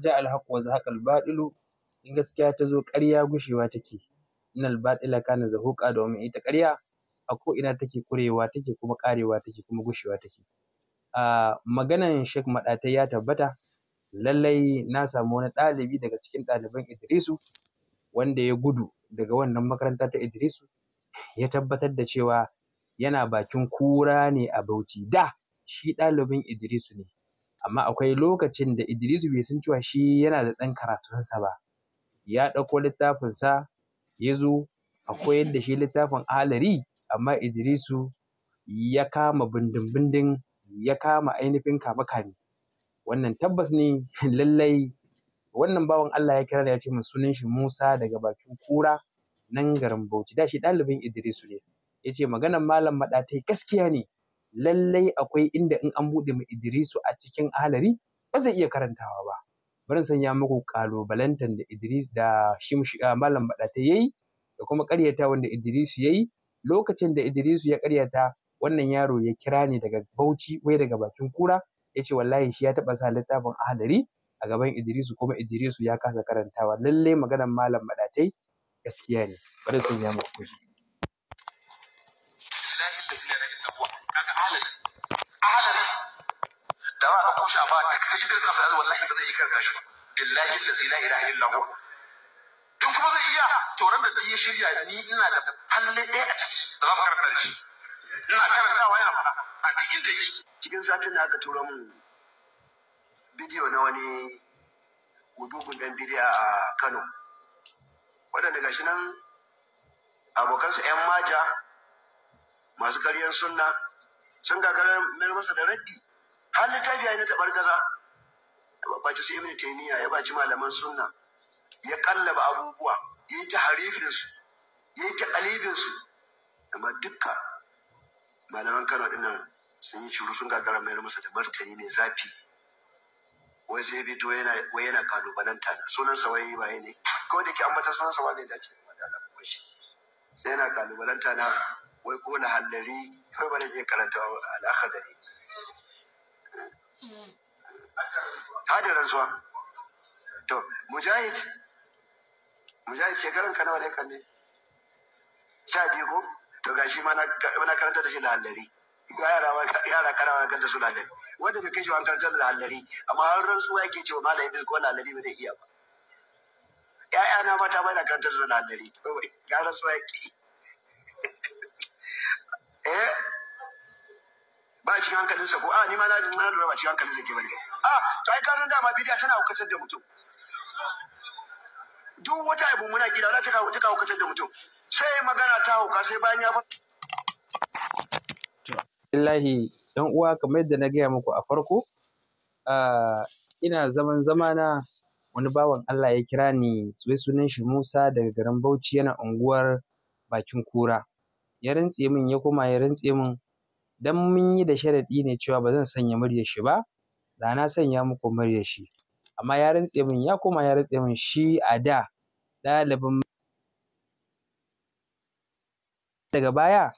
ja al haqq wa al batil in gaskiya ta zo ƙarya gushewa take al batila kana zahuqa domin ita ƙarya a ko ina take kurewa take kuma ƙarewa take kuma gushewa take a maganan Sheikh maɗata ya tabbata lallai na samu wani ɗalibi daga cikin ɗaliban Idrisu wanda ya gudu daga wannan makaranta ta Idrisu ya tabbatar da cewa yana bakin kura ne a Bauchi da shi ɗalibin Idrisu ne amma akwai lokacin da Idrisu bai san cewa shi yana da ɗan karatunsa ba ya ɗauko littafinsa ya zo a koyar da shi littafin alari amma Idrisu ya kama bindin-bindin ya kama ainihin kame-kame wannan tabbas ne lallai wannan bawan Allah ya kira da ya ce min sunan shi Musa daga bakin kura nan garin Bauchi da shi ɗalibin Idrisu ne ya ce maganar malam maɗa gaskiya ne lallai akwai inda in an buɗe ma Idrisu a cikin alari ba zai iya karantawa ba. barin sanya muku kalubalantan da Idris da shi ah, malam baɗata ya yi da kuma ƙaryata wanda Idrisu ya yi lokacin da Idrisu ya ƙaryata wannan yaro ya kira ni daga Bauchi wai daga bakin kura ya ce wallahi shi ya taɓa sa littafin alari a gaban Idrisu kuma Idrisu ya kasa karantawa lallai maganar malam baɗatai gaskiya ne Barin sanya muku kuskure. shi a ba ta Idris Abdulaziz wallahi ba zai yi karka shi ba billahi allazi la ilaha illa huwa in kuma zai iya to ran da ya shirya ni ina da falle ɗaya a ciki da za mu karanta shi ina karantawa yana faɗa a duk inda yake cikin satin da aka tura mun bidiyo na wani gudugun ɗan bidiya a Kano waɗanda gashi nan abokansa 'yan maja masu karyar sunna sun gagarar mayar masa da raddi har littafi yi na tabar gaza baci su ibnu taimiyya ya baci malaman sunna ya kallaba abubuwa ya yi ta harifinsu ya yi ta kalibinsu amma dukka malaman Kano nan sun yi shuru sun gagara mai masa da martani mai zafi wai sai fito yana wai yana kalubalanta na sunansa wai ba ne ko da ke ambata sunansa ba zai dace ba da alamun shi sai yana kalubalanta na wai ko na hallari kai bane da je karanta al'akadari hadin rantsuwa to mujahid mujahid shekaran ka nawa ne kan ne sha biyu ko to gashi ma na karanta da shi lahallari yara karawa kan da su lahallari wanda bai kai shi an karanta da lahallari amma har rantsuwa yake cewa malam ibn ko lahallari bai iya ba ƴaƴana mata ba na karanta da lahallari Ya rantsuwa yake eh ba cikin hankalinsa ko ah, a ni ma na lura ba cikin hankalinsa ke bane a ah, to ai kan san dama bidiya tana hukatar da mutum duk wata abu muna gida wala ta ta hukatar da mutum sai magana ta hauka sai bayan ya Allahi ɗan uwa kamar yadda na gaya muku a farko ah, ina zaman zamana wani bawan Allah ya kira ni sai sunan shi Musa daga garin Bauchi yana unguwar bakin kura ya rantse min ya koma ya rantse min dan mun yi da sharaɗi ne cewa ba zan sanya muryar shi ba da na sanya muku muryar shi amma ya rantse min ya koma ya rantse min shi a da dalibin daga baya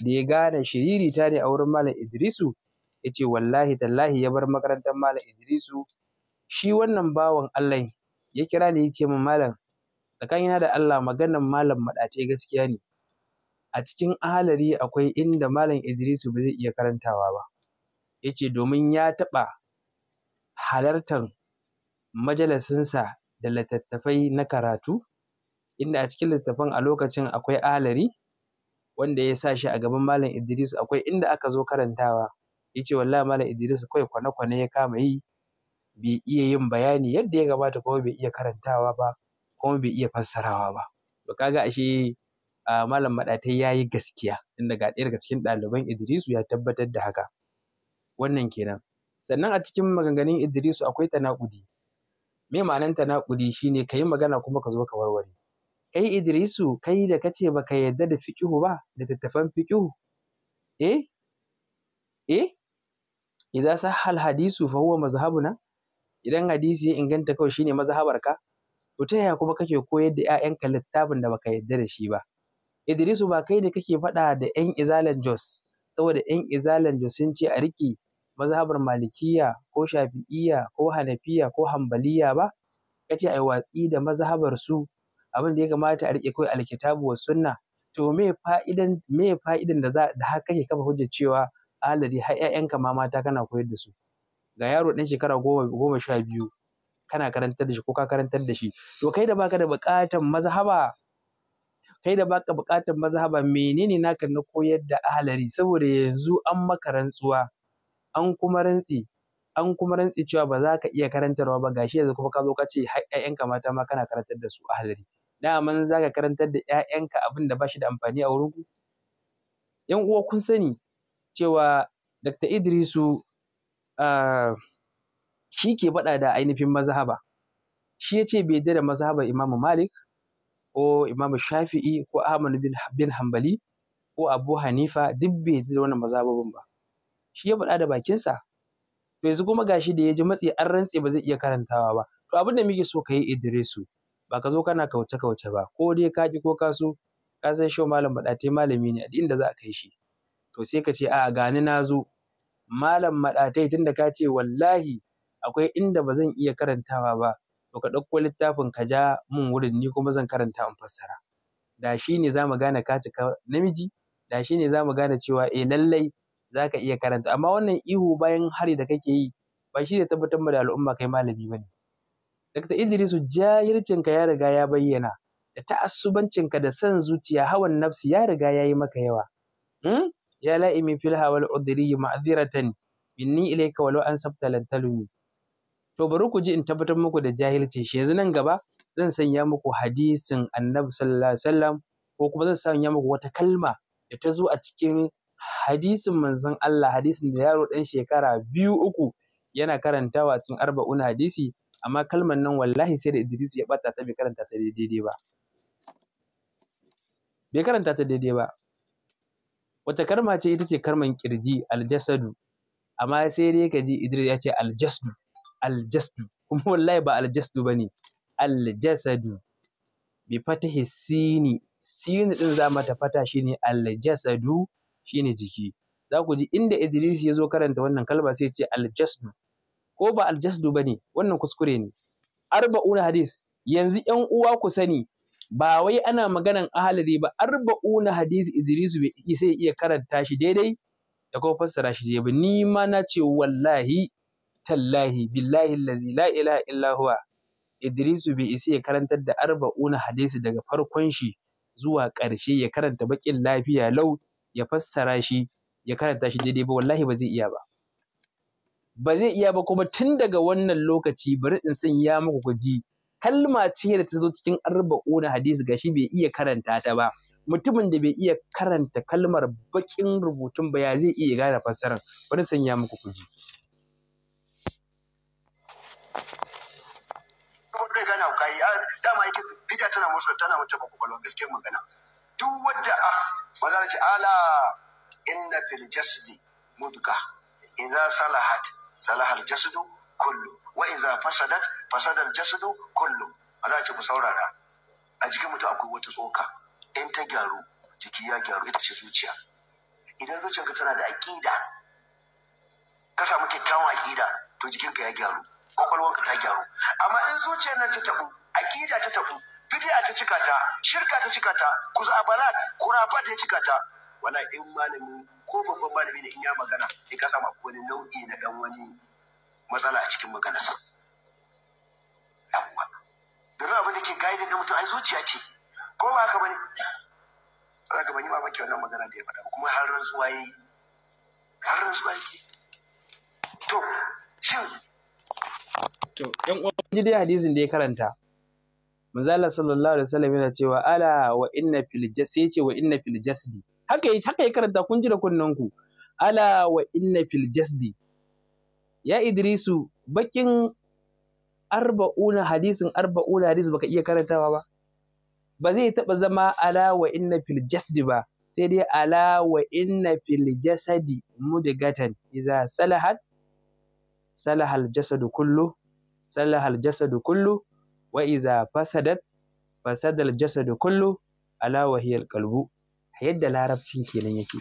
da ya gane shiririta ne a wurin malam Idrisu ya ce wallahi tallahi ya bar makarantar malam Idrisu shi wannan bawan Allah ya kira ni ya ce min malam tsakanina da Allah maganar malam maɗace gaskiya ne a cikin ahalari akwai inda Malam Idrisu ba zai iya karantawa ba. yace domin ya taɓa halartar majalisinsa da littattafai na karatu, inda a cikin littattafan a lokacin akwai ahalari wanda ya sa shi a gaban Malam Idrisu akwai inda aka zo karantawa. yace ce wallahi Malam Idrisu kawai kwane-kwane ya kama yi, bai iya yin bayani yadda ya kamata kuma bai iya karantawa ba, kuma bai iya fassarawa ba. To ka ga ashe Ah, malam maɗatai ya yi gaskiya inda ga ɗaya daga cikin ɗaliban idrisu ya tabbatar da haka wannan kenan sannan a cikin maganganun idrisu akwai tanaƙudi me ma'anar tanaƙudi shine ka yi magana kuma ka zo ka warware kai idrisu kai da kace ka yarda da fiƙihu ba da tattafan fiƙihu eh eh idza hal hadisu fa huwa mazhabuna idan hadisi ya inganta kawai shine mazhabarka to ta yaya kuma kake koyar da 'ya'yanka littafin da baka yarda da shi ba Idrisu ba kai ne kake faɗa da 'yan izalan Jos saboda 'yan izalan Jos sun ce a riƙe mazhabar malikiya ko shafi'iya ko hanafiya ko hambaliya ba ka kace yi watsi da mazhabar su abin da ya kamata a riƙe kawai alkitabu wa sunna to me fa'idan me fa'idan da za da haka kake kafa hujjar cewa alade har 'ya'yanka ma mata kana koyar da su ga yaro ɗan shekara goma goma sha biyu kana karantar da shi ko ka karantar da shi to kai da baka da buƙatar mazhaba kai da baka buƙatar mazhaba menene naka na koyar da ahalari saboda yanzu an maka rantsuwa an kuma rantsi an kuma rantsi cewa ba za ka iya karantarwa ba gashi yanzu kuma ka zo ka ce har ƴaƴanka mata ma kana karantar da su ahalari dama za ka karantar da ƴaƴanka abin da ba shi da amfani a wurinku 'Yan uwa kun sani cewa Dr. Idrisu shi ke faɗa da ainihin mazhaba shi ya ce bai da mazhabar Imam Malik ko Imam Shafi'i ko Ahmad bin Hambali ko Abu Hanifa duk bai yarda da wannan mazhabobin ba shi ya faɗa da bakinsa to yanzu kuma gashi da ya ji matsi an rantse ba zai iya karantawa ba to abin da muke so ka yi Idrisu ba ka zo kana kauce kauce ba ko dai ka ki ko ka so ka san shi malam maɗate malami ne a inda za a kai shi to sai ka ce a'a gani na zo malam maɗatai tunda ka ce wallahi akwai inda ba zan iya karantawa ba to ka ɗauko littafin ka ja mun wurin ni kuma zan karanta in fassara da shi ne za mu gane ka cika namiji da shi ne za mu gane cewa eh lallai za ka iya karanta amma wannan ihu bayan hari da kake yi ba shi ne tabbatar da al'umma kai malami ba ne Dr. Idrisu jahircinka ya riga ya bayyana da ta'assubancinka da son zuciya hawan nafsi ya riga ya yi maka yawa. Hmm? Ya la'imi fil hawal udri ma'ziratan minni ilayka walau an sabta lantalumi. to bari ku ji in tabbatar muku da jahilci shi yanzu nan gaba zan sanya muku hadisin annabi sallallahu alaihi wasallam ko kuma zan sanya muku wata kalma da ta zo a cikin hadisin manzon Allah hadisin da yaro dan shekara biyu uku yana karantawa cikin arba'un hadisi amma kalmar nan wallahi sai da Idris ya bata ta bai karanta ta daidai ba bai karanta ta daidai ba wata karma ce ita ce karman kirji aljasadu amma sai dai ka ji Idris ya ce aljasdu aljasdu kuma wallahi ba aljasdu bane aljasadu bi fatihi sini sini din za mata fata shine aljasadu shine jiki za ku ji inda Idris ya zo karanta wannan kalma sai ce aljasdu ko ba aljasdu bane wannan kuskure ne arba'un hadis yanzu 'yan uwa ku sani ba wai ana maganan ahalari ba arba'una hadis Idris bai sai iya karanta shi daidai da kuma fassara shi daidai ba ni ma na ce wallahi tallahi billahi allazi la ilaha illa huwa Idrisu bai isa ya karantar da arba'una hadisi daga farkon shi zuwa ƙarshe ya karanta baƙin lafiya lau ya fassara shi ya karanta shi daidai ba wallahi ba zai iya ba ba zai iya ba kuma tun daga wannan lokaci bari in sanya muku kuji kalma ce da ta zo cikin arba'una hadisi gashi bai iya karanta ta ba mutumin da bai iya karanta kalmar baƙin rubutun ba ya zai iya gane fassarar bari sanya muku kuji wanda ya gane hauka yi dama yake bida tana musu tana mace ba kwakwalwa gaskiyar magana duk wadda a maza ce ala inna fil jasdi mudga idza salahat salahal jasdu kullu wa idza fasadat fasadal jasdu kullu maza ce ku saurara a jikin mutum akwai wata tsoka in ta gyaru jiki ya gyaru ita ce zuciya idan zuciyarka tana da aƙida ka samu kyakkyawan aƙida to jikinka ya gyaru kwakwalwanka ta gyaru amma in zuciyar nan ta tafi aƙida ta tafi bid'a ta cika ta shirka ta cika ta kura kurafa ta cika ta wala in malami ko babban malami ne in ya magana in ka sama wani nau'i na dan wani matsala a cikin maganarsa yawwa domin abin da ke gaidin da mutum ai zuciya ce ko ba haka bane ka bani yi mamaki wannan magana da ya faɗa kuma har rantsuwa yi har rantsuwa yi to shin to ƴan uwa ji dai hadisin da ya karanta manzo sallallahu alaihi wasallam yana cewa ala wa inna fil jasadi yace wa inna fil jasadi haka haka ya karanta kun ji da ku, ala wa inna fil jasadi ya Idrisu bakin arba'una hadisin arba'una hadis baka iya karantawa ba ba zai taɓa zama ala wa inna fil jasadi ba sai dai ala wa inna fil jasadi mudgatan idza salahat salahal jasadu kullu salaha al-jasadu kullu wa idza fasadat fasada al-jasadu kullu ala wa hiya yadda larabcin kenan yake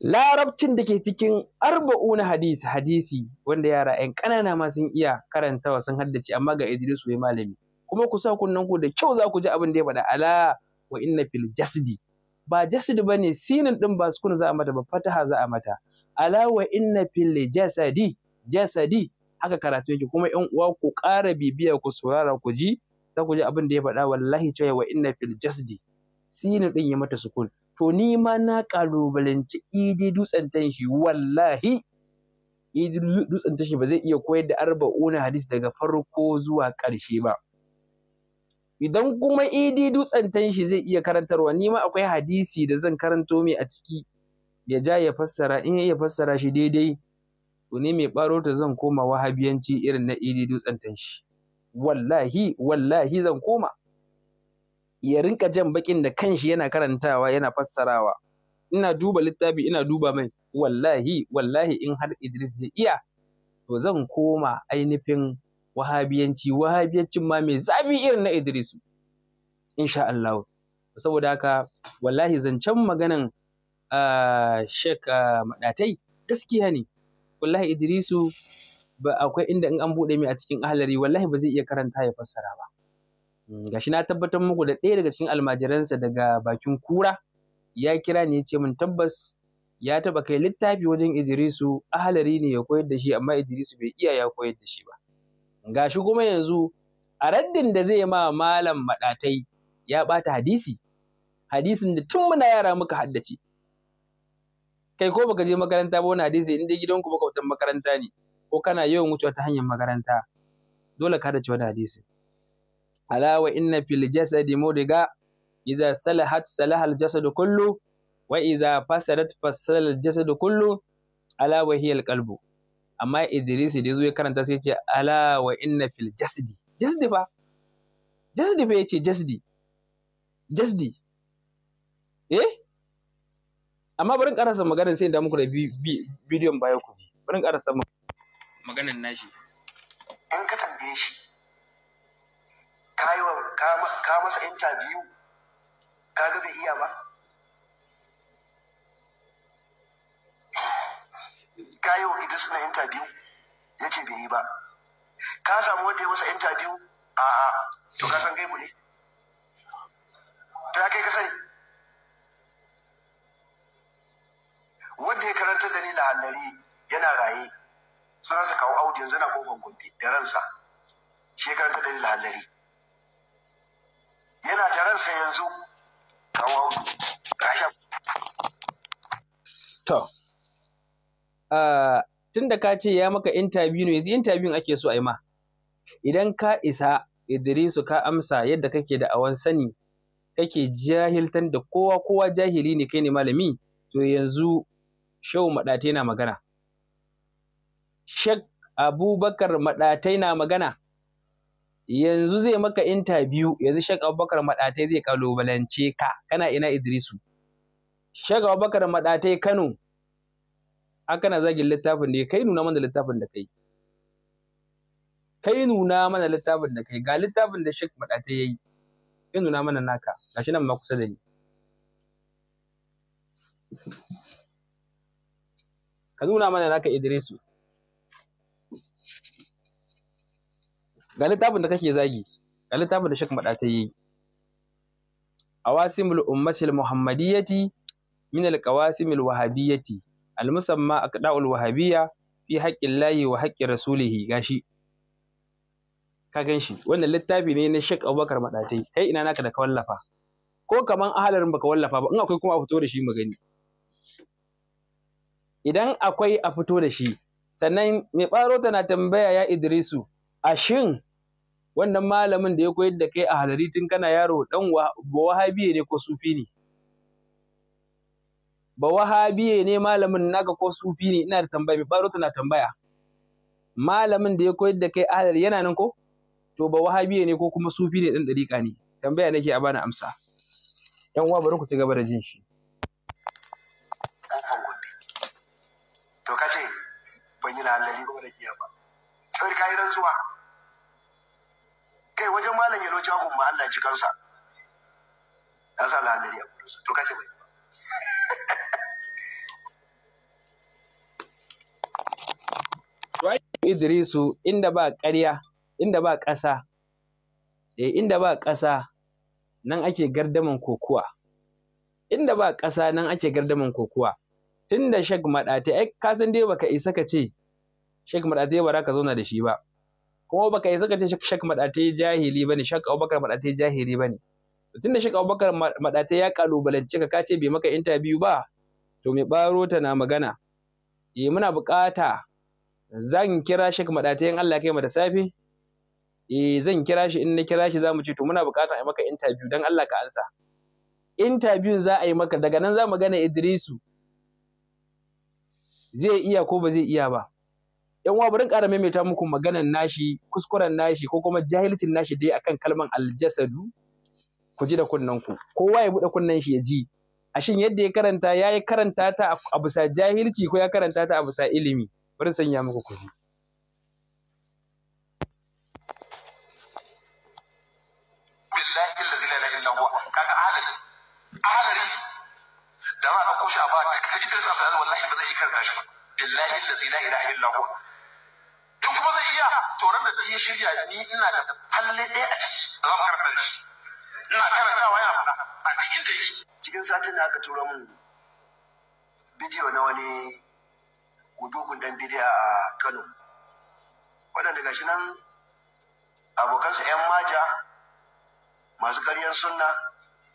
larabcin da ke cikin arba'una hadisi hadisi wanda yara 'yan ƙanana ma sun iya karantawa sun haddace amma ga Idris wai malami kuma ku sa kunnen ku da kyau za ku ji abin da ya faɗa ala wa inna fil jasdi ba jasdi bane sinin din ba kuna za a mata ba fataha za a mata ala wa inna fil jasadi jasadi haka karatu yake kuma yan uwa ku ƙara bibiya ku saurara ku ji za ku ji abin da ya faɗa wallahi cewa wa inna fil jasdi Sini din ya mata sukun to ni ma na kalubalanci idi dutsen tanshi wallahi idi dutsen tanshi ba zai iya koyar da arba'una hadisi daga farko zuwa ƙarshe ba idan kuma idi dutsen tanshi zai iya karantarwa ni ma akwai hadisi da zan karanto mai a ciki ya ja ya fassara in ya fassara shi daidai to ni mai ɓaro ta zan koma wahabiyanci irin na idi dutsen tanshi wallahi wallahi zan koma ya rinka jan bakin da kanshi yana karantawa yana fassarawa ina duba littafi ina duba mai wallahi wallahi in har Idris ya iya to zan koma ainihin wahabiyanci wahabiyancin ma mai zafi irin na Idris, insha Allah saboda haka wallahi zancen maganan uh, Sheikh uh, gaskiya ne wallahi Idrisu ba akwai inda in an buɗe mai a cikin ahalari wallahi ba zai iya karanta ya fassara ba mm, gashi na tabbatar muku da ɗaya daga cikin almajiransa daga bakin kura ya kira ni ya ce min tabbas ya taba kai littafi wajen Idrisu ahalari ne ya koyar da shi amma Idrisu bai iya ya koyar da shi ba gashi kuma yanzu a raddin da zai ma malam maɗatai ya bata hadisi hadisin da tun muna yara muka haddace kai ko baka je makaranta ba wani hadisi in dai gidanku kautan makaranta ne ko kana yawan wucewa ta hanyar makaranta dole ka da wani hadisi ala wa inna fil jasadi mudiga idza salahat salaha al jasad kullu wa idza fasadat fasala al jasad kullu ala wa hiya al amma Idris da zo ya karanta sai ce ala wa inna fil jasadi jasdi fa jasdi fa yace jasadi jasadi eh amma bari karasa maganar sai in da muku da bidiyon baya ku ji bari karasa maganar nashi in ka tambaye shi ka masa interview ka ga bai iya ba ka yi wa idris na interview ya ce bai yi ba ka samu wanda ya masa interview a'a to ka san gaibu ne ya kai ka sani wanda ya karanta da ni lahallari yana raye suna su kawo audi yanzu na kofar gundi da ransa shi ya karanta da ni lahallari yana da ransa yanzu kawo audi to tun da ka ce ya maka interview ne yanzu interview ake so a yi ma idan ka isa Idrisu ka amsa yadda kake da awan sani kake jahiltan da kowa kowa jahili ne kai ne malami to yanzu Shehu Maɗatai na magana. Shek Abubakar Maɗatai na magana. Yanzu zai maka intabiyu, yanzu Shek Abubakar Maɗatai zai kalubalance ka, kana ina Idrisu. Shek Abubakar Maɗatai Kano, haka na zagin littafin da kai nuna mana littafin da kai. Kai nuna mana littafin da kai, ga littafin da Shek Maɗatai ya yi, kai nuna mana naka, gashi nan ma kusa da ni. ka nuna mana naka Idrisu ga littafin da kake zagi ga littafin da Sheikh Mada ta yi awasimul ummatil muhammadiyyati min alqawasimil wahabiyyati almusamma aqda'ul wahabiyya fi haqqillahi wa haqqi rasulih gashi ka gan shi wannan littafi ne na Sheikh Abubakar yi, kai ina naka da ka wallafa ko kaman ahalarin baka wallafa ba in akwai kuma a fito da shi magani. gani idan akwai a fito da shi sannan mai ɓaro tana tambaya ya idrisu a shin wannan malamin da ya koyar da kai a hadari tun kana yaro dan wahabiye ne ko sufi ne ba wahabiye ne malamin naka ko sufi ne ina da tambaya mai ɓaro tana tambaya malamin da ya koyar da kai a hadari yana nan ko to ba wahabiye ne ko kuma sufi ne ɗan ɗariƙa ne tambaya nake a bani amsa yan uwa bari ku ci gaba da jin shi ban yi lahallari ba da giya ba kawai ka yi rantsuwa kai wajen malam yalo jagun ma Allah ji kansa ya sa lahallari a kudinsa to kace bai ba Idrisu inda ba ƙarya, inda ba ƙasa, eh inda ba ƙasa nan ake gardaman kokuwa. Inda ba ƙasa nan ake gardaman kokuwa. tun da shek maɗate ai ka san dai baka isa ka ce shek maɗate ba za ka zauna da shi ba kuma baka isa ka ce shek maɗate jahili bane shek abubakar maɗate jahili bane tun da shek abubakar maɗate ya kalubalance ka ka ce bai maka interview ba to mai ɓaro ta na magana eh muna buƙata zan kira shek maɗate in Allah kai mu da safe eh zan kira shi in na kira shi za mu ce to muna buƙatar a maka interview dan Allah ka ansa interview za a yi maka daga nan za mu gane Idrisu zai iya ko ba zai iya ba yan uwa bari ƙara maimaita muku maganan nashi kuskuren nashi ko kuma jahilcin nashi dai akan kalman aljasadu ku ji da kunnanku. ku kowa ya buɗe kunnen shi ya ji A ashin yadda ya karanta ya yi karanta ta a bisa jahilci ko ya karanta ta a bisa ilimi bari sanya muku ku da za a ɗauko shi a ba ta Idris Abdulaziz wallahi ba zai yi karanta shi ba billahi allazi la ilaha illa hu in kuma zai iya to da ya shirya ni ina da halle ɗaya a ciki da zan karanta shi ina karantawa yana faɗa a cikin da cikin satin da aka tura mun bidiyo na wani gudugun dan bidiyo a Kano waɗanda gashi nan abokansa 'yan maja masu karyar sunna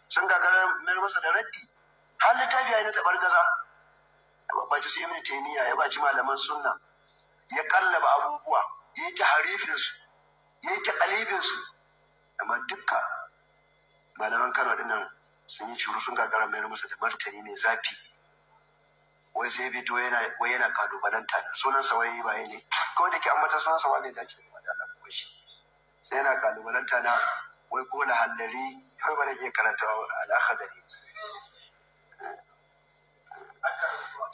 sun gagara mayar masa da raddi har littafi ya yi na tabar gaza baci su ibn taymiya ya baci malaman sunna ya kallaba abubuwa ya yi ta harifinsu, ya yi ta kalibin amma dukka malaman kano nan sun yi shuru sun gagara mai musu da martani mai zafi wai sai to yana wai yana kalubalanta sunansa wai ba ne kawai da ke ta sunansa wai bai dace ba da Allah kuma shi sai yana kalubalanta na wai ko na hallari wai ba na ke karanta al-akhdari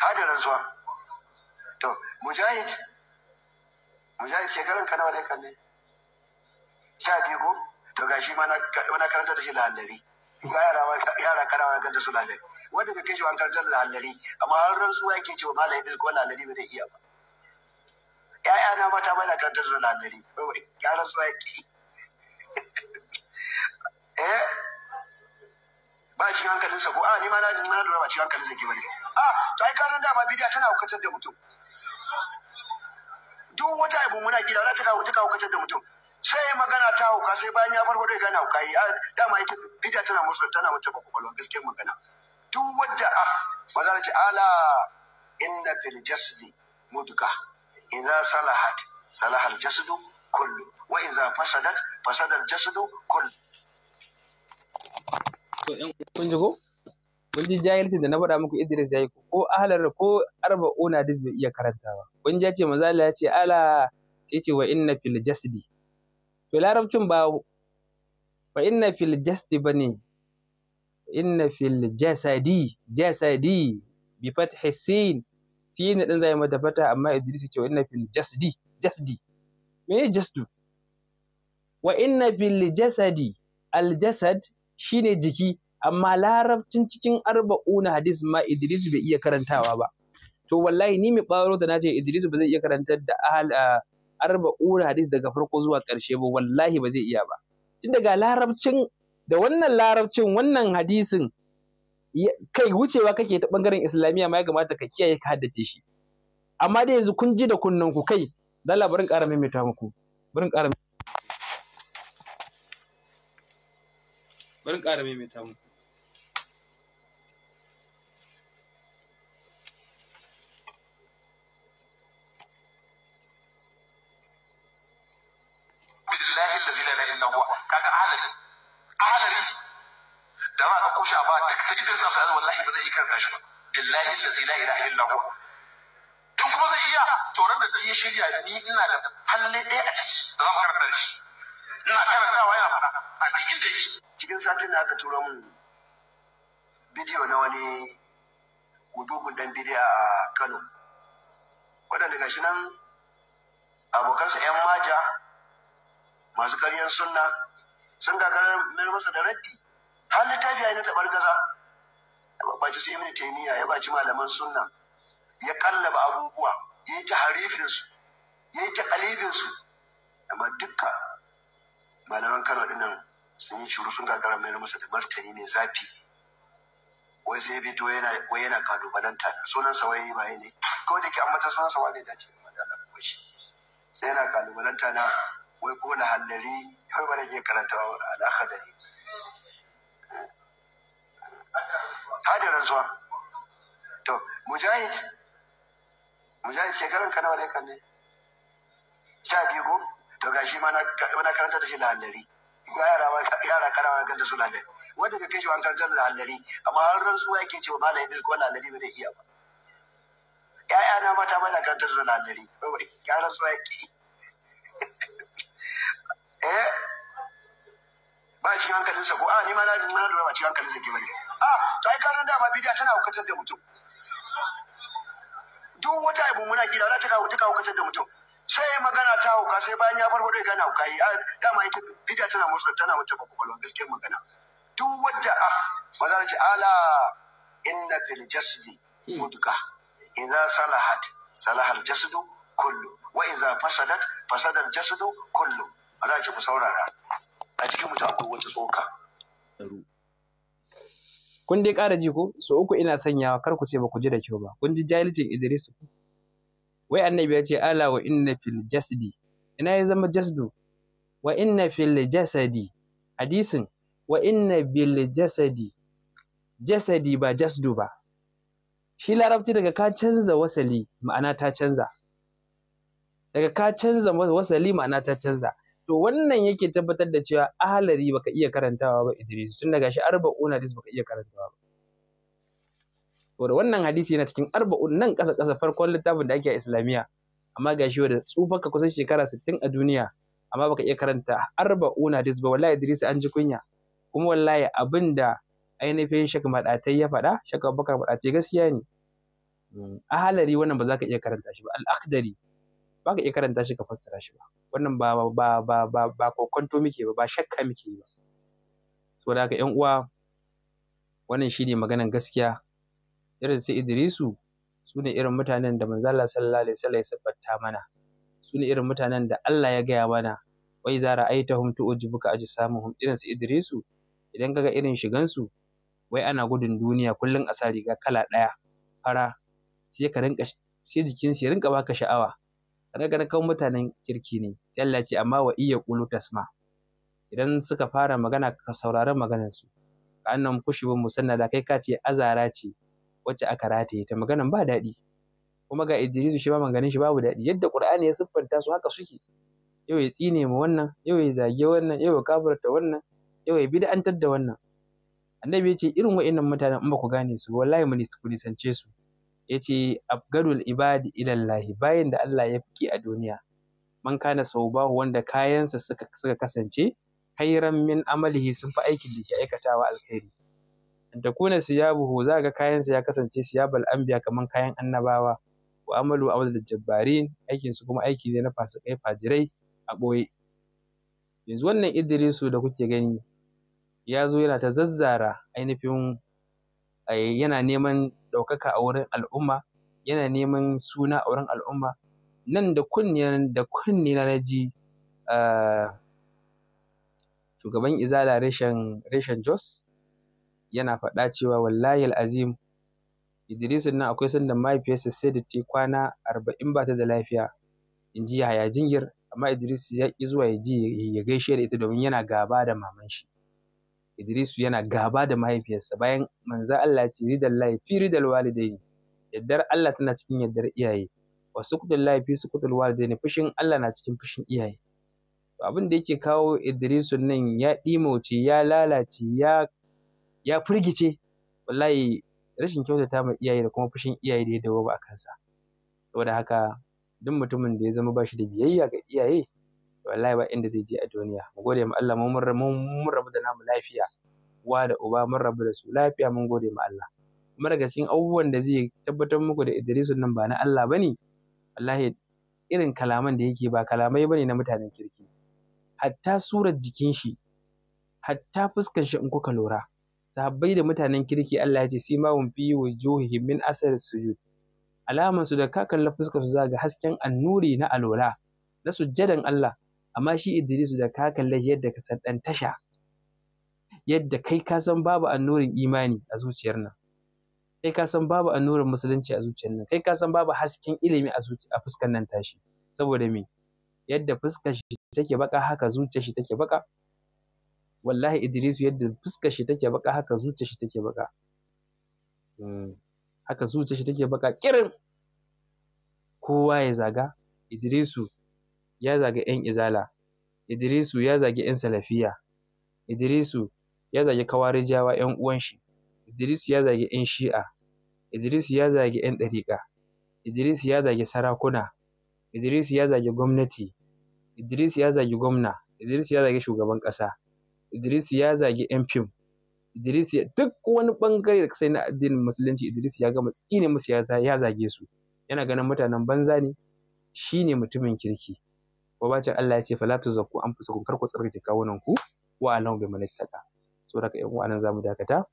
hada rantsuwa to mujahid mujahid shekaran ka nawa ne kan ne sha biyu ko to gashi ma na karanta da shi lahallari yara karawa kan da su lahallari wanda bai kai shi an karanta da lahallari amma har rantsuwa yake cewa laifin ko lahallari bai iya ba ‘ya'yana mata mana karanta da lamari ya su haƙi eh ba cikin hankalinsa ko a ni ma na lura ba cikin hankalinsa ke wani a ah, to ai kasan dama bidiya tana hukatar da mutum duk wata abu muna kira za ta kawo ta kawo da mutum sai magana ta hauka sai bayan ya farko da gane hauka yi dama ita bidiya tana musu tana mutu ba kwakwalwa gaskiyar magana duk wadda a ah, maza ce ala inna fil jasdi mudga idza salahat salaha al jasdu kullu wa idza fasadat fasada al jasdu kullu to in kun ji ko kun ji jahilcin da na faɗa muku Idris yayi ko ahlar ko arba'una hadis bai iya karantawa kun ji ce manzo ya ce ala sai ce wa inna fil jasdi to larabcin ba wa inna fil jasdi bane inna fil jasadi jasadi bi fathi sin sin din zai mata fata amma Idris ce wa inna fil jasdi jasdi me jasdu wa inna fil jasadi al jasad shine jiki amma larabcin cikin arba'una hadis ma Idris bai iya karantawa ba to wallahi ni mai ɓaro da naje Idris ba zai iya karantar da ahal arba'una hadis daga farko zuwa ƙarshe ba wallahi ba zai iya ba tun daga larabcin da wannan larabcin wannan hadisin kai wucewa kake ta bangaren islamiyya ma ya kamata ka kiyaye ka haddace shi amma da yanzu kun ji da kunnen ku kai dan labarin ƙara maimaita muku barin ƙara barin ƙara maimaita muku billahi allazi la ilaha illa huwa kaga ahalari ahalari da za ka kusha ba duk ta idris abdulaziz wallahi ba zai yi karanta shi ba billahi allazi la ilaha illa huwa in kuma zai iya to ran da ya shirya ni ina da falle ɗaya a ciki da zan karanta shi ina karantawa yana fada a cikin da yake cikin satin da aka tura mun bidiyo na wani gudugun dan bidiyo a Kano waɗanda gashi nan abokansa 'yan maja masu karyar sunna sun gagarar mayar masa da raddi har littafi ya na taɓar gaza ya baci su ibn taimiyya ya baci malaman sunna ya kallaba abubuwa ya yi ta harifin su ya yi ta kalibin su amma dukka malaman kano dinnan sun yi shuru sun gagara mayar masa da martani mai zafi wai sai fito yana wai yana kalubalanta da sunansa wai ba ne ko da ke an sunan sunansa wani dace da madalla ko shi sai yana kalubalanta na wai ko na hallari wai ba nake karanta al'akadari hajjar zuwa to mujahid mujahid shekaran ka nawa ne kan ne sha biyu ko to gashi ma na karanta da shi lahallari yara karawa kan da su lahallari wanda ka kai shi karanta da hallari amma har zuwa yake cewa malamin da ko hallari ba zai iya ba na mata mana karanta da lahallari ya zuwa yake eh ba cikin hankalinsa ko ah, a ni ma na lura ba cikin hankalinsa ke bane a ah, to ai kan dama bidiya tana hukatar da mutum duk wata abu muna kira za ta kawo ta kawo da mutum sai magana ta hauka sai bayan ya farko dai gana hauka yi eh, dama ita bidiya tana musu tana wata kwakwalwa gaskiyar magana duk wadda a ah, maza ce ala inna fil jasdi mudga idza salahat salahal jasdu kullu wa idza fasadat fasadal jasdu kullu za ce ku saurara a cikin mutum akwai wata tsoka kun dai ƙara ji ko so uku ina sanyawa kar ku ce ba ku ji da kyau ba kun ji jahilcin Idris wai annabi ya ce ala wa inna fil jasadi. ina ya zama jasdu wa inna fil jasadi hadisin wa inna bil jasadi jasadi ba jasdu ba shi larabci daga ka canza wasali ma'ana ta canza daga ka canza wasali ma'ana ta canza to wannan yake tabbatar da cewa ahalari baka iya karantawa ba Idris tun daga shi arba'un hadis baka iya karantawa ba To da wannan hadisi yana cikin arba'un nan ƙasa ƙasa farkon littafin da ake a Islamiyya amma ga shi da tsufarka kusan shekara 60 a duniya amma baka iya karanta arba'un hadis ba wallahi Idris an ji kunya kuma wallahi abinda ainihin shak madatai ya faɗa shak abubakar madatai gaskiya ne hmm, ahalari wannan ba za ka iya karanta shi ba al ba ka iya karanta shi ka fassara shi ba wannan ba ba ba ba ba kokonto muke ba ba shakka muke ba saboda haka ƴan uwa wannan shine maganan gaskiya irin su Idrisu su ne irin mutanen da manzo Allah sallallahu alaihi wasallam ya sabbata mana su ne irin mutanen da Allah ya gaya mana wai za ra'aitahum tu'jibuka ajsamuhum irin su Idrisu idan ka ga irin shigansu wai ana gudun duniya kullum a sa riga kala ɗaya fara sai ka rinka sai jikinsu ya rinka baka sha'awa Ragarkau mutanen kirki ne, sai Allah ce amma wa iya ƙulu tasma. Idan suka fara magana ka saurari maganarsu. Ka annan kushibin musanna da kai ka ce azara ce wacce aka rataye ta maganar ba daɗi. Kuma ga Idrisu shi ba maganin shi babu daɗi. Yadda Ƙur'ani ya siffanta su haka suke. Yau ya tsine mu wannan, yau ya zage wannan, yau ya kafirta wannan, yau ya bid'antar da wannan. Annabi ya ce irin wa'innan mutanen in ba ku gane su wallahi su ku nisance su. Ya yace abgadul ibadi ilallahi bayan da Allah ya fi a duniya man kana saubahu wanda kayansa suka, suka kasance khairan min amalihi sun fi aikin da ke aikatawa alkhairi da kuna siyabuhu za ga kayansa ya kasance siyabal anbiya kaman kayan annabawa wa amalu amal jabbarin aikin su kuma aiki ne na fasikai fajirai a boye yanzu wannan Idrisu da kuke gani ya zo yana ta zazzara ainihin eh, yana neman ɗaukaka a wurin al'umma yana neman suna a wurin al'umma nan da kunne da na ji ah, shugaban izala reshen reshen jos yana faɗa cewa wallahi azim idrisin nan akwai sanda mahaifiyarsa sai da ta kwana arba'in ba ta da lafiya in ji yahaya jingir amma idris ya ƙi zuwa ya je ya gaishe da ita domin yana gaba da maman shi Idrisu yana gaba da mahaifiyarsa bayan manzo Allah ce ridallahi fi ridal walidaini yaddar Allah tana cikin yaddar iyaye wa sukutullahi fi sukutul walidaini fushin Allah na cikin fushin iyaye to abin da yake kawo Idrisu nan ya dimoce ya lalace ya ya firgice wallahi rashin kyautata ma iyaye da kuma fushin iyaye da ya dawo ba a kansa saboda haka duk mutumin da ya zama ba shi da biyayya ga iyaye wallahi ba inda zai je a duniya mu gode ma Allah mun mun rabu da namu lafiya uwa da uba mun rabu da su lafiya mun gode ma Allah kuma daga cikin abubuwan da zai tabbatar muku da Idrisun nan ba na Allah bane wallahi irin kalaman da yake ba kalamai bane na mutanen kirki hatta surar jikin shi hatta fuskar shi in kuka lura sahabbai da mutanen kirki Allah ya ce sima mun fi wujuhihim min asar sujud alaman su da ka kalla fuskar su zaga hasken annuri na alola na sujjadan Allah amma shi Idris da ka kalle shi yadda ka san ɗan tasha yadda kai ka san babu annurin imani a zuciyar nan kai ka san babu annurin musulunci a zuciyar nan kai ka san babu hasken ilimi a a fuskar nan tashi saboda me yadda fuskar shi take baka haka zuciyar shi take baka wallahi Idris yadda fuskar shi take baka haka zuciyar shi take baka hmm, haka zuciyar shi take baka kirin kowa ya zaga Idrisu ya zagi 'yan Izala, Idrisu ya zagi 'yan Salafiya, Idrisu ya zagi Kawarijawa 'yan uwanshi, Idrisu ya zagi 'yan Shi'a, Idrisu ya zagi 'yan ɗariƙa, Idrisu ya zagi sarakuna, Idrisu ya zagi gwamnati, Idrisu ya zagi gwamna, Idrisu ya zagi shugaban ƙasa, Idrisu ya zagi 'yan fim, Idrisu, ya duk wani bangare da kasai na addinin musulunci Idrisu ya gama tsine musu ya zage su yana ganin mutanen banza ne shine mutumin kirki wabacin Allah ya ce fala tuzakku anfusakum kar tsarkake kawunan ku wa alahu bi man ittaqa saboda ka yan uwanan zamu dakata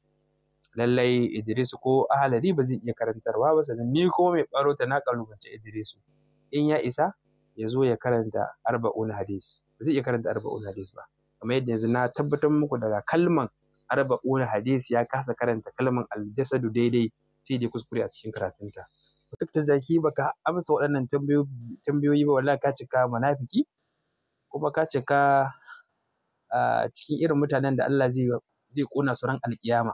lallai Idris ko Ahalari ba zai iya karantarwa ba sannan ni kuma mai baro ta na kalubance Idrisu. in ya isa ya zo ya karanta arba'un hadis ba zai iya karanta arba'un hadis ba kamar yadda yanzu na tabbatar muku daga kalman arba'un hadis ya kasa karanta kalman aljasadu daidai sai dai kuskure a cikin karatunta tsaftace jaki baka amsa waɗannan tambayoyi ba wallahi ka cika munafiki kuma ka cika ah, cikin irin mutanen da Allah zai zai kona su ran alkiyama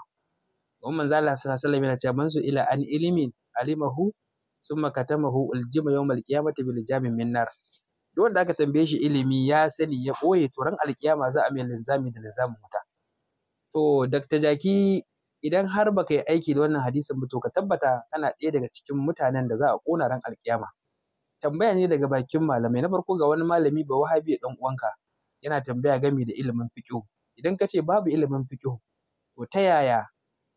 domin manzo Allah sallallahu alaihi wasallam yana cewa ila an ilimin alimahu summa katamahu uljima yawmal qiyamati bil jamin min nar duk wanda aka tambaye shi ilimi ya sani ya ɓoye to ran alkiyama za a mai linzami da linzamin wuta to Dakta Jaki idan har ba ka yi aiki da wannan hadisin ba to ka tabbata kana ɗaya daga cikin mutanen da za a ƙona ran alƙiyama. Tambaya ne daga bakin malamai na farko ga wani malami ba wahabi ɗan uwanka yana tambaya gami da ilimin fiƙihu. Idan ka ce babu ilimin fiƙihu to ta yaya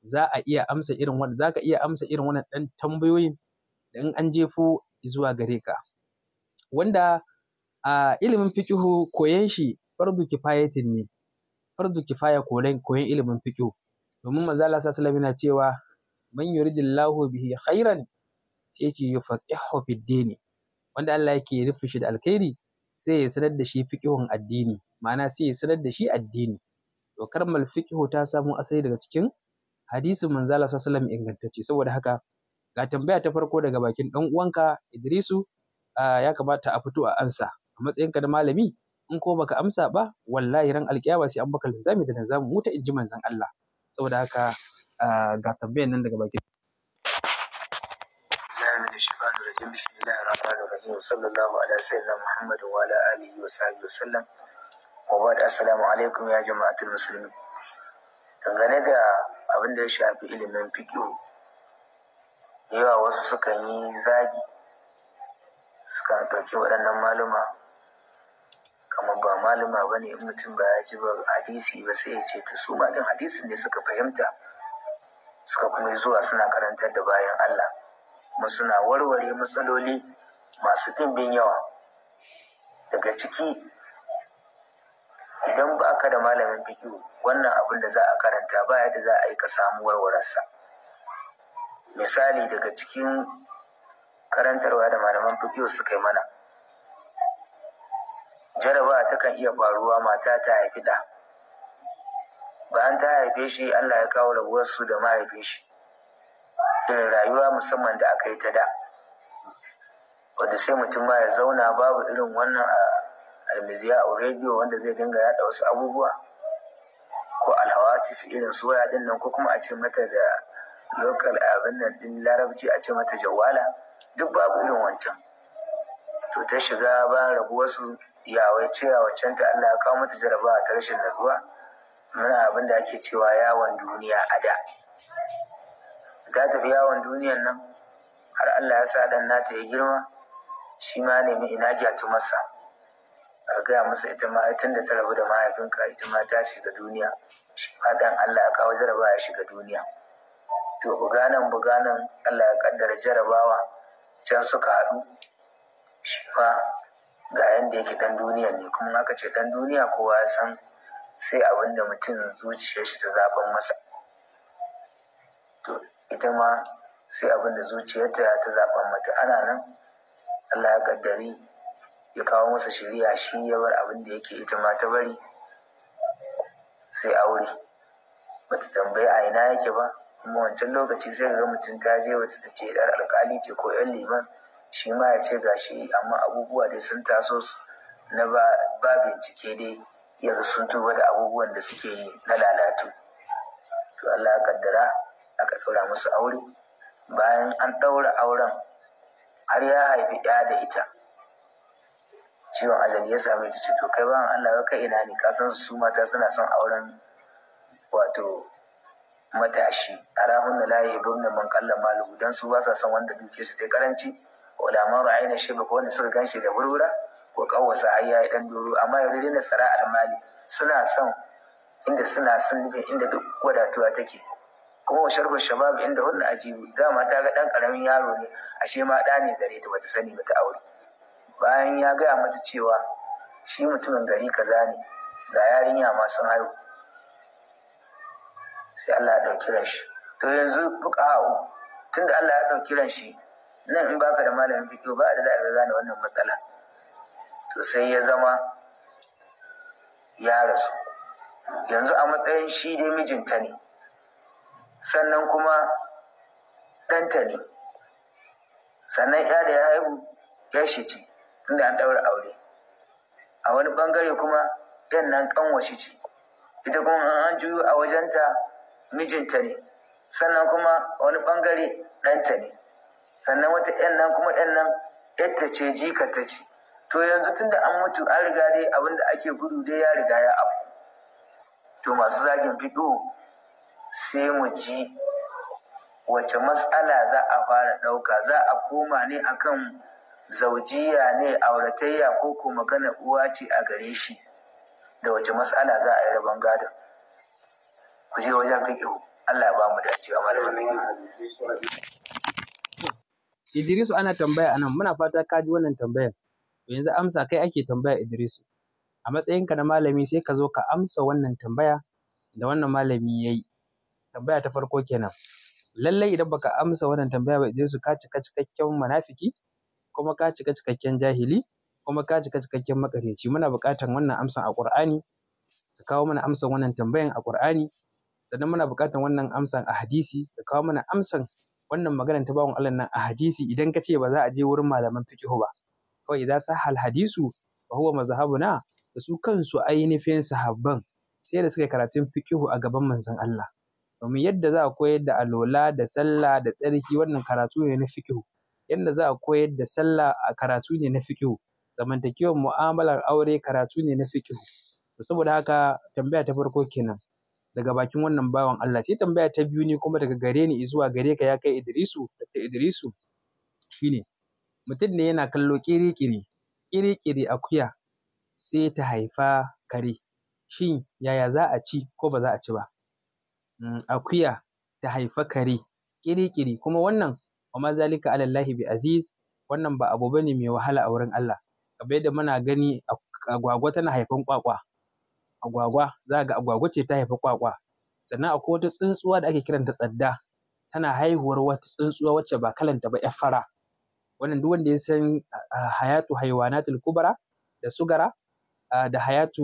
za a iya amsa irin wannan za ka iya amsa irin wannan ɗan tambayoyin da in an jefo zuwa gare ka. Wanda a ilimin fiƙihu koyon shi fardu kifayatin ne fardu kifaya koyon ilimin fiƙihu. domin manzo Allah sallallahu yana cewa man yuridillahu bihi khairan sai ce yufaqihu fid dini wanda Allah yake rufe shi da alkhairi sai ya sanar da shi fiqhun addini ma'ana sai ya sanar da shi addini to karmal fiqhu ta samo asali daga cikin hadisin manzo Allah sallallahu ingantacce saboda haka ga tambaya ta farko daga bakin dan uwanka Idrisu ya kamata a fito a ansa a matsayinka da malami in ko baka amsa ba wallahi ran alkiyama sai an baka linzami da linzamin mu ta inji manzon Allah saboda haka ah, ga tambayar nan daga bakin بسم الله alaikum ya jama'atul musulmi dangane da abin da ya shafi ilimin fikihu yawa wasu sukan yi zagi suka ɗauki waɗannan maluma kamar ba malama ba ne in mutum ba ya ji ba hadisi ba sai ya ce ta su malin hadisin ne suka fahimta suka kuma zuwa suna karantar da bayan Allah kuma suna warware matsaloli masu ɗimbin yawa daga ciki idan ba ka da malamin fiƙi wannan abin da za a karanta ba da za a yi ka samu warwararsa misali daga cikin karantarwa da malaman fiƙi suka yi mana jaraba takan iya faruwa mata ta haifi da bayan ta haife shi allah ya kawo rabuwarsu da mahaifin shi irin rayuwa musamman da aka yi ta da wadda sai mutum ma ya zauna babu irin wannan a almiziya a rediyo wanda zai dinga yaɗa wasu abubuwa ko alhawatif irin soya ɗin nan ko kuma a ce mata da lokal abin nan din larabci a ce mata jawala duk babu irin wancan to ta shiga bayan su. Ya ce cewa waccan ta Allah ya kawo mata jarabawa ta rashin natsuwa muna abin da ake cewa yawon duniya a da ta tafi yawon duniyan nan har Allah ya sa dan nata ya girma shi ma nemi ina gyatu masa a gaya masa ita ma tun da ta rabu da mahaifinka ita ma ta shiga duniya shi ma dan Allah ya kawo jarabawa ya shiga duniya to buganan buganan Allah ya kaddara jarabawa can suka haɗu shi ma ga yanda yake dan duniya ne kuma aka ce dan duniya kowa ya san sai abin da mutum zuciyar shi ta zaben masa to ita ma sai abin da zuciyarta ta zaben mata ana nan Allah ya kaddari ya kawo masa shari'a shi ya bar abin da yake ita ma ta bari sai aure bata tambayi a ina yake ba kuma wancan lokaci sai ga mutum ta je wata ta ce yar alkali ce ko yan liman shi ma ya ce ga shi amma abubuwa dai sun taso na ba bincike dai yanzu sun tuba da abubuwan da suke yi na lalatu to Allah ya kaddara aka ɗaura musu aure bayan an ɗaura auren har ya haifi ɗaya da ita ciwon ajali ya same ta to kai bayan Allah ya kai ina ne ka san su mata suna son auren wato matashi a rahun da layi birnin man kallon malu dan su ba sa son wanda duke su ta karanci ulaman na shi ba wanda suka ganshi da wurwura ko kawasa har yi dan doro amma yau dai na sara almali suna son inda suna son nufin inda duk wadatuwa take kuma wa sharhu shabab inda hunna ajibu dama ta ga dan karamin yaro ne ashe ma da ne gare ta bata sani bata aure bayan ya gaya mata cewa shi mutumin gari kaza ne ga yarinya ma sun haihu sai Allah ya dauki ran shi to yanzu buƙa'u tunda Allah ya dauki ran shi nan in baka da malamin fito ba da za gane wannan matsala to sai ya zama ya rasu yanzu a matsayin shi dai mijinta ne sannan kuma ɗanta ne sannan ya da ya haihu ya shi ce tunda an ɗaura aure a wani ɓangare kuma ɗan nan ƙanwashi ce ita kuma an juyo a wajenta mijinta ne sannan kuma a wani ɓangare ɗanta ne sannan wata yan nan kuma yan nan yatta ce jika ta ce to yanzu tunda an mutu an riga dai abin da ake gudu dai ya riga ya abu to masu zagin fiɗo sai mu ji wace matsala za a fara ɗauka za a koma ne akan zaujiya ne auratayya ko ko magana uwa ce a gare shi da wace matsala za a yi rabon gadon ku je wajen fiƙo Allah ya ba mu dacewa malamin Idrisu ana tambaya anan muna fata ka ji wannan tambayar. To yanzu amsa kai ake tambaya Idrisu. A matsayinka na malami sai ka zo ka amsa wannan tambaya da wannan malami ya yi. Tambaya ta farko kenan. Lallai idan baka amsa wannan tambaya ba Idrisu ka cika cikakken munafiki kuma ka cika cikakken jahili kuma ka cika cikakken makaryaci. Muna buƙatar wannan amsa a Ƙur'ani ka kawo mana amsa wannan tambayan a Ƙur'ani sannan muna buƙatar wannan amsan a hadisi ka kawo mana amsan wannan maganar ta bawan Allah nan a hadisi idan ka ce ba za a je wurin malaman fiqh ba kawai idan sahal hadisu wa huwa mazhabuna da su kansu ainihin sahabban sai da suka karatun fiqh a gaban manzon Allah domin yadda za a koyar da alola da sallah da tsarki wannan karatu ne na fiqh yadda za a koyar da sallah a karatu ne na fiqh zamantakewar mu'amalar aure karatu ne na fiqh saboda haka tambaya ta farko kenan daga bakin wannan bawan Allah sai tambaya ta biyu ne kuma daga gare ni zuwa gare ka ya kai Idrisu ta Idrisu shine mutum ne yana kallo kirikiri kirikiri akuya sai ta haifa kare shin yaya za a ci ko ba za a ci ba mm, akuya ta haifa kare kirikiri kuma wannan wa ma zalika alallahi bi aziz wannan ba abu bane mai wahala a wurin Allah kamar yadda muna gani agwagwa tana haifan kwakwa agwagwa za ga agwagwa ce ta haifi kwakwa sannan akwai wata tsuntsuwa da ake kiranta tsadda tana haihuwar wata tsuntsuwa wacce ba kalanta ba 'yar fara wannan duk wanda ya san hayatu haywanatul kubra da sugara da hayatu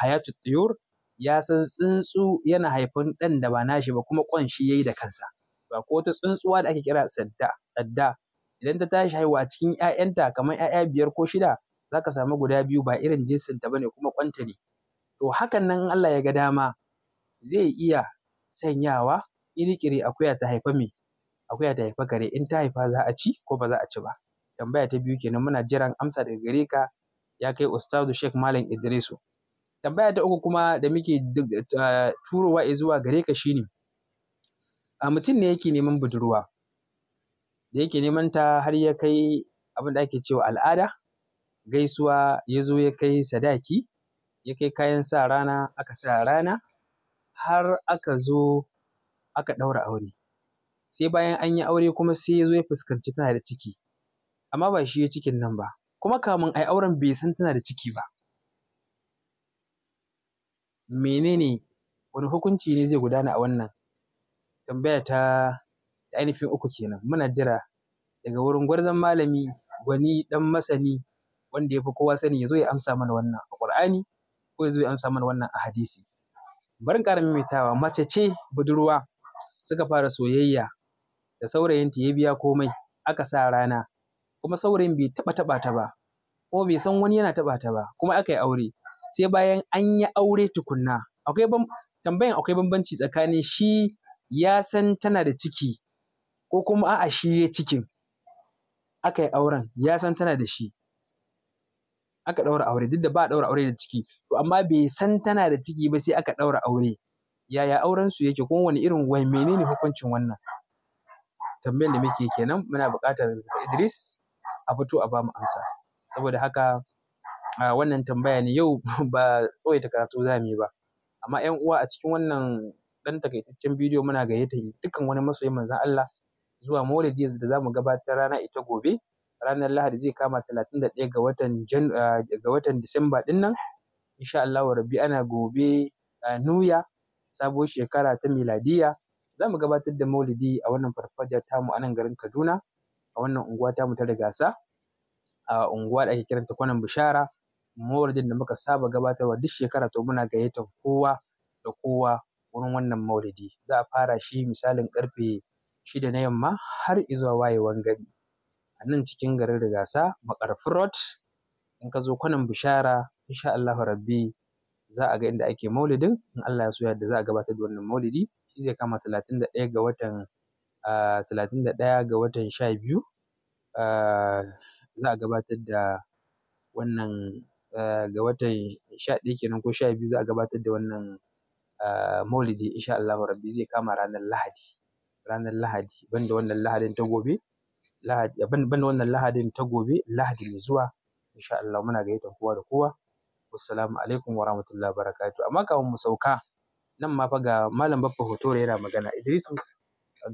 hayatu tiyur ya san tsuntsu yana haifan ɗan da ba nashi ba kuma ƙwan shi yayi da kansa ba ko wata tsuntsuwa da ake kira tsadda tsadda idan ta tashi haihuwa cikin 'ya'yanta kamar 'ya'ya biyar ko shida za ka samu guda biyu ba irin jinsin ta bane kuma ƙwanta ne to hakan nan in Allah ya ga dama zai iya sanyawa ƙiri akuya ta haifa me akuya ta haifa kare in ta haifa za a ci ko ba za a ci ba tambaya ta biyu kenan muna jiran amsa daga gare ka ya kai ustazu Sheikh Malam Idrisu tambaya ta uku kuma da muke turowa zuwa gare ka shine a mutum ne yake neman budurwa da yake neman ta har ya kai abin da ake cewa al'ada gaisuwa ya zo ya kai sadaki ya kai kayan sa rana aka sa rana har aka zo aka ɗaura aure sai bayan an yi aure kuma sai ya zo ya fuskanci tana da ciki amma ba shi ya cikin nan ba kuma kamun ai auren bai san tana da ciki ba menene wani hukunci ne zai gudana a wannan tambaya ta ainihin uku kenan muna jira daga wurin gwarzon malami gwani dan masani wanda ya fi kowa sani ya zo ya amsa mana wannan a ƙur'ani ko ya zo ya amsa mana wannan a hadisi barin ƙara maimaitawa mace ce budurwa suka fara soyayya da saurayinta ya biya komai aka sa rana kuma saurayin bai taɓa taɓa ta ba kuma bai san wani yana taɓa ta ba kuma aka yi aure sai bayan an yi aure tukunna akwai tambayan akwai bambanci tsakanin shi ya san tana da ciki ko kuma a'a shi ya cikin aka yi auren ya san tana da shi aka ɗaura aure duk da ba a ɗaura aure da ciki to amma bai san tana da ciki ba sai aka ɗaura aure yaya auren su yake ko wani irin wai menene hukuncin wannan tambayar da muke kenan muna buƙatar Idris a fito a bamu amsa saboda haka wannan tambaya ne yau ba tsawaita karatu za mu yi ba amma ƴan uwa a cikin wannan ɗan takaitaccen bidiyo muna gayyatar dukkan wani masoyin manzon Allah zuwa maulidi da za mu gabatar rana ita gobe ranar lahadi zai kama talatin da ɗaya ga watan jan ah, ga watan disamba ɗin nan insha allahu rabbi ana gobe ah, nuya sabuwar shekara ta miladiya za mu gabatar da maulidi a wannan farfajiyar tamu a nan garin kaduna a wannan unguwa tamu ta gasa, a unguwa da ake kiranta kwanan bishara maulidin da muka saba gabatarwa duk shekara to muna gayyatar kowa da kowa wurin wannan maulidi za a fara shi misalin karfe shida na yamma har izuwa wayewan gari a nan cikin garin rigasa makarfi road in ka zo kwanan bishara insha Allahu rabbi za a ga inda ake maulidin in Allah ya so yadda za a gabatar da wannan maulidi shi zai kama 31 ga watan 31 ga watan 12 za a gabatar da wannan ga watan 11 kenan ko 12 za a gabatar da wannan maulidi insha Allahu rabbi zai kama ranar lahadi ranar lahadi banda wannan lahadin ta gobe lahadi ban wannan lahadin ta gobe lahadi mai zuwa insha Allah muna gayyatar kowa da kowa assalamu alaikum wa rahmatullahi wa barakatuh amma kafin mu sauka nan ma fa ga malam baffa hotore yana magana Idrisu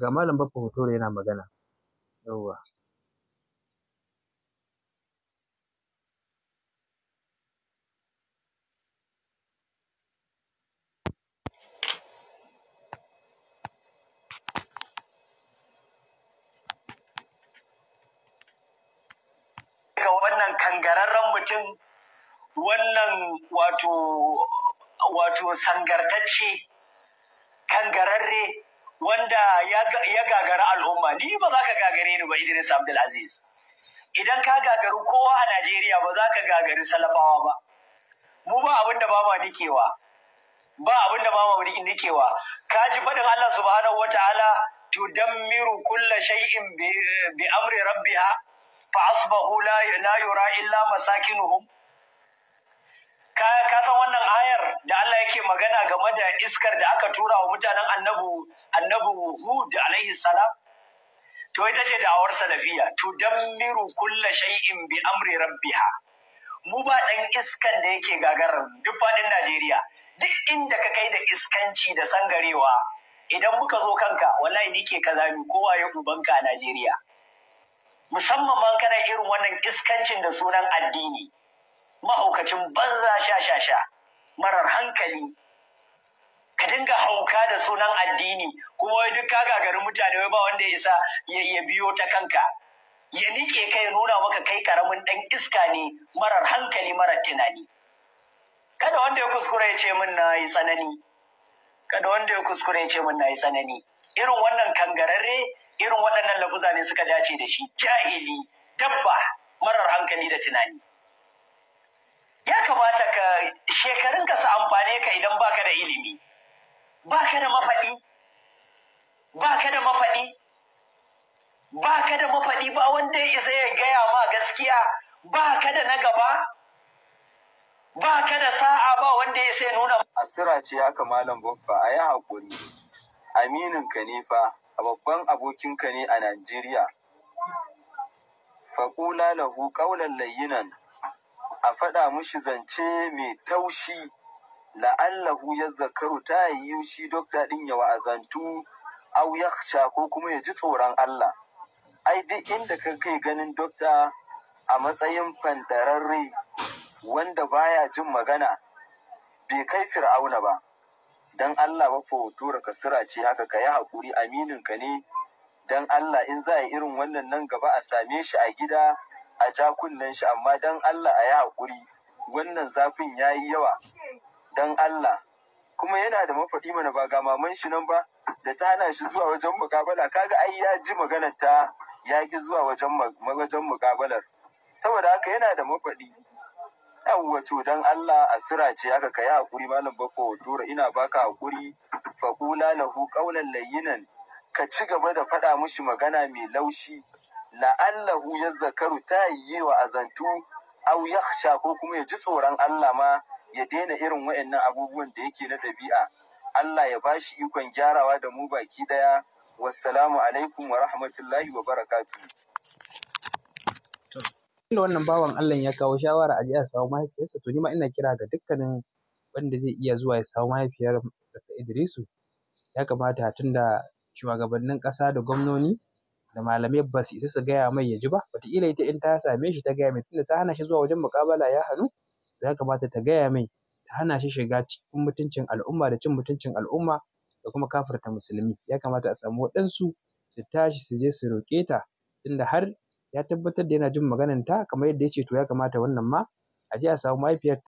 ga malam baffa hotore yana magana yawwa sangararren mutum wannan wato wato sangartacce kangararre wanda ya gagara al'umma ni ba za ka gagare ni ba Idris Abdulaziz idan ka gagaru kowa a Najeriya ba za ka gagari salafawa ba mu ba abin da ba nikewa ba abin da ba nikewa ka ji faɗin Allah subhanahu wataala tudammiru kulla shay'in bi amri rabbiha fa la la yura illa masakinuhum ka ka san wannan ayar da Allah yake magana game da iskar da aka tura wa mutanen annabu annabu Hud alaihi salam to ita ce awar salafiya tudammiru kulla shay'in bi amri rabbiha mu ba dan iskan da yake gagarar duk faɗin Najeriya duk inda ka kai da iskanci da sangarewa idan muka zo kanka wallahi nike kaza mi kowa ya ubanka a Najeriya musamman man kana irin wannan iskancin da sunan addini mahaukacin banza sha sha sha marar hankali ka dinga hauka da sunan addini kuma wai duk ka gagarin mutane wai ba wanda ya isa ya biyo ta kanka ya nike kai nuna maka kai karamin dan iska ne marar hankali marar tunani kada wanda ya kuskure ya ce min na yi tsanani kada wanda ya kuskure ya ce min na yi tsanani irin wannan kangararre irin waɗannan lafuza ne suka dace da shi jahili dabba marar hankali da tunani ya kamata ka shekarunka su amfane ka idan baka da ilimi baka da mafaɗi baka da mafaɗi baka da mafaɗi ba wanda ya isa ya gaya ma gaskiya baka da na gaba baka da sa'a ba wanda ya isa ya nuna asira ce haka malam Baffa, a yi haƙuri aminin ka ne fa a babban abokinka ne a Najeriya faƙula lahu ƙaunar layinan a faɗa mushi zance mai taushi la'allahu ya zakaru ta yi shi dokta ɗin ya wa'azantu au ya ko kuma ya ji tsoron Allah ai duk inda ka kai ganin dokta a matsayin fandararre wanda baya jin magana bai kai fir'auna ba dan Allah ba fa tura kasira ce haka ka yi hakuri aminin ka ne dan Allah in za a yi irin wannan nan gaba a same shi a gida a ja kunnen shi amma dan Allah a yi hakuri wannan zafin ya yi yawa dan Allah kuma yana da mafaɗi mana ba ga maman shi nan ba da ta hana shi zuwa wajen mukabala kaga ai ya ji maganar ta ya ki zuwa wajen wajen mukabalar saboda haka yana da mafaɗi yawwa to dan Allah a sira ce ka yi hakuri malam bako dora ina baka hakuri kula lahu qaulan layyinan ka ci gaba da faɗa mushi magana mai laushi la'allahu yazzakaru ta yi azantu aw yakhsha ko kuma ya ji tsoron Allah ma ya daina irin wa'annan abubuwan da yake na dabi'a Allah ya bashi ikon gyarawa da mu baki daya wassalamu alaikum wa rahmatullahi wa barakatuh Tunda wannan bawan Allah ya kawo shawara a je a samu mahaifiyarsa to nima ina kira ga dukkanin wanda zai iya zuwa ya samu mahaifiyar Idrisu ya kamata tunda shugabannin ƙasa da gwamnoni da malamai ba su isa su gaya mai ya ji ba wataƙila ita in ta same shi ta gaya mai tunda ta hana shi zuwa wajen muƙabala ya hannu ya kamata ta gaya mai ta hana shi shiga cikin mutuncin al'umma da cin mutuncin al'umma da kuma kafirta musulmi ya kamata a samu waɗansu su tashi su je su roƙe ta tunda har ya tabbatar da yana jin magananta kamar yadda ya ce to ya kamata wannan ma a je a samu mahaifiyar